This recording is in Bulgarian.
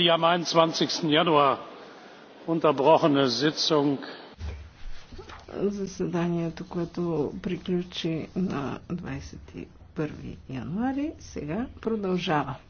die am. einundzwanzig januar unterbrochene sitzung заседанието, което приключи на 21 януари, сега продължава.